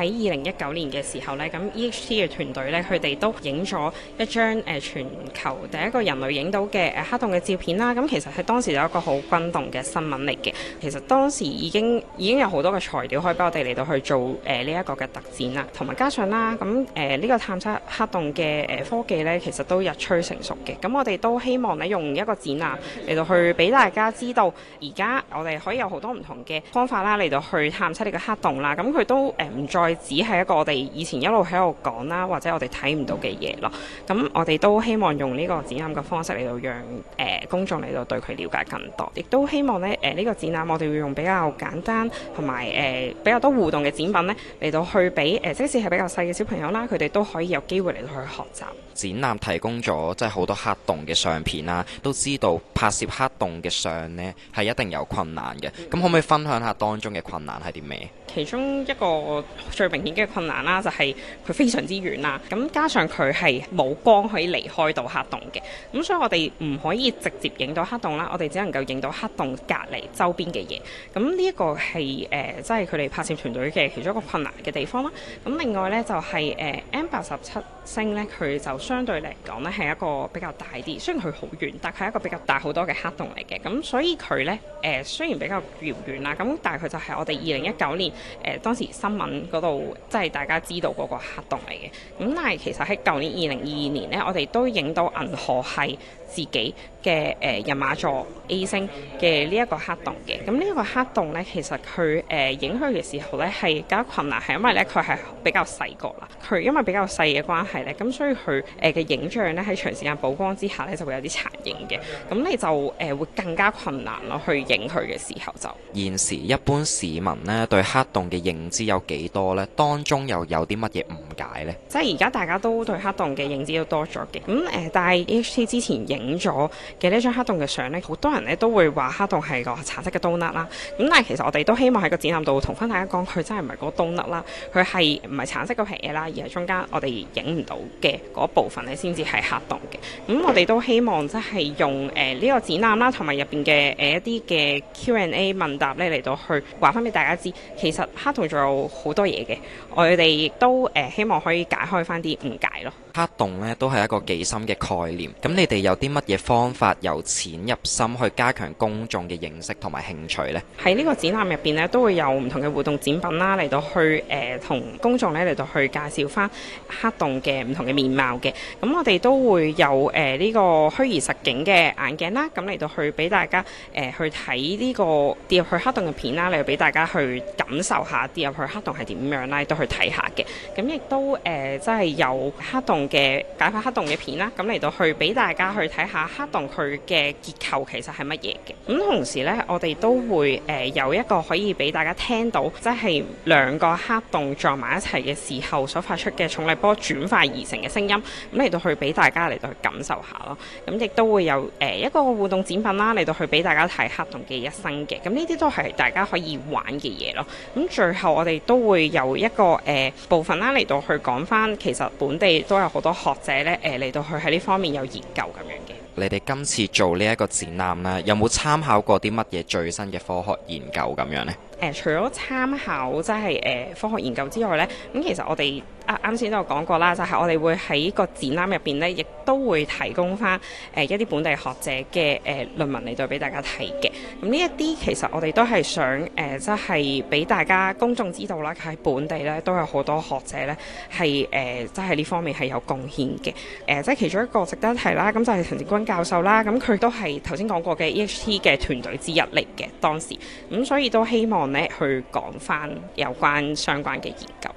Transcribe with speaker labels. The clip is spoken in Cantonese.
Speaker 1: 喺二零一九年嘅時候、e、呢，咁 EHT 嘅團隊呢，佢哋都影咗一張誒全球第一個人類影到嘅黑洞嘅照片啦。咁其實喺當時有一個好轟動嘅新聞嚟嘅。其實當時已經已經有好多嘅材料可以幫我哋嚟到去做誒呢一個嘅特展啦。同埋加上啦，咁誒呢個探測黑洞嘅誒、呃、科技呢，其實都日趨成熟嘅。咁我哋都希望呢，用一個展覽嚟到去俾大家知道，而家我哋可以有好多唔同嘅方法啦，嚟到去探測呢個黑洞啦。咁佢都誒唔、呃、再。只係一個我哋以前一路喺度講啦，或者我哋睇唔到嘅嘢咯。咁我哋都希望用呢個展覽嘅方式嚟到讓誒、呃、公眾嚟到對佢了解更多，亦都希望咧誒呢、呃呢個展覽我哋會用比較簡單同埋誒比較多互動嘅展品咧嚟到去俾誒、呃、即使係比較細嘅小朋友啦，佢哋都可以有機會嚟到去學習。
Speaker 2: 展覽提供咗即係好多黑洞嘅相片啦，都知道拍攝黑洞嘅相呢係一定有困難嘅。咁可唔可以分享下當中嘅困難係啲咩？
Speaker 1: 其中一個。最明顯嘅困難啦，就係佢非常之遠啦，咁加上佢係冇光可以離開到黑洞嘅，咁所以我哋唔可以直接影到黑洞啦，我哋只能夠影到黑洞隔離周邊嘅嘢，咁呢一個係誒即係佢哋拍攝團隊嘅其中一個困難嘅地方啦。咁另外呢，就係、是、誒、呃、M 八十七星咧，佢就相對嚟講咧，係一個比較大啲。雖然佢好遠，但係一個比較大好多嘅黑洞嚟嘅。咁所以佢咧，誒、呃、雖然比較遙遠啦，咁但係佢就係我哋二零一九年誒、呃、當時新聞嗰度，即係大家知道嗰個黑洞嚟嘅。咁但係其實喺舊年二零二二年咧，我哋都影到銀河系自己嘅誒人馬座 A 星嘅呢一個黑洞嘅，咁呢一個黑洞咧，其實佢誒影佢嘅時候咧係更加困難，係因為咧佢係比較細個啦。佢因為比較細嘅關係咧，咁所以佢誒嘅影像咧喺長時間曝光之下咧就會有啲殘影嘅，咁你就誒、呃、會更加困難咯，去影佢嘅時候就。
Speaker 2: 現時一般市民咧對黑洞嘅認知有幾多咧？當中又有啲乜嘢誤解咧？
Speaker 1: 即係而家大家都對黑洞嘅認知都多咗嘅，咁、嗯、誒、呃，但係 EHT 之前影咗。嘅呢張黑洞嘅相咧，好多人咧都會話黑洞係個橙色嘅冬甩啦。咁但係其實我哋都希望喺個展覽度同翻大家講，佢真係唔係個冬甩啦，佢係唔係橙色嘅皮嘢啦，而係中間我哋影唔到嘅嗰部分咧，先至係黑洞嘅。咁、嗯、我哋都希望即係用誒呢、呃呢個展覽啦，同埋入邊嘅誒一啲嘅 Q&A 問答咧，嚟到去話翻俾大家知，其實黑洞仲有好多嘢嘅。我哋亦都誒、呃、希望可以解開翻啲誤解咯。
Speaker 2: 黑洞咧都係一個幾深嘅概念，咁你哋有啲乜嘢方法法由淺入深去加強公眾嘅認識同埋興趣呢
Speaker 1: 喺呢個展覽入邊呢，都會有唔同嘅活動展品啦，嚟到去誒同、呃、公眾咧嚟到去介紹翻黑洞嘅唔同嘅面貌嘅。咁我哋都會有誒呢、呃這個虛擬實景嘅眼鏡啦，咁嚟到去俾大家誒、呃、去睇呢、這個跌入去黑洞嘅片啦，嚟到俾大家去感受下跌入去黑洞係點樣啦，都去睇下嘅。咁亦都誒即係有黑洞嘅解開發黑洞嘅片啦，咁嚟到去俾大家去睇下黑洞。佢嘅結構其實係乜嘢嘅咁？同時呢，我哋都會誒、呃、有一個可以俾大家聽到，即係兩個黑洞撞埋一齊嘅時候所發出嘅重力波轉化而成嘅聲音咁嚟、嗯、到去俾大家嚟到去感受下咯。咁、嗯、亦都會有誒、呃、一個互動展品啦，嚟到去俾大家睇黑洞嘅一生嘅，咁呢啲都係大家可以玩嘅嘢咯。咁、嗯、最後我哋都會有一個誒、呃、部分啦，嚟到去講返，其實本地都有好多學者呢，誒、呃、嚟到去喺呢方面有研究咁樣嘅。
Speaker 2: 你哋今次做呢一個展覽呢，有冇參考過啲乜嘢最新嘅科學研究咁樣呢？
Speaker 1: 誒、呃、除咗參考即係誒科學研究之外咧，咁、嗯、其實我哋啱啱先都有講過啦，就係、是、我哋會喺個展覽入邊咧，亦都會提供翻誒、呃、一啲本地學者嘅誒論文嚟到俾大家睇嘅。咁、嗯、呢一啲其實我哋都係想誒即係俾大家公眾知道啦，喺本地咧都有好多學者咧係誒即係呢、呃、方面係有貢獻嘅。誒、呃、即係其中一個值得提啦，咁就係陳志軍教授啦，咁佢都係頭先講過嘅 EHT 嘅團隊之一嚟嘅當時，咁所以都希望，咧去講返有關相關嘅研究。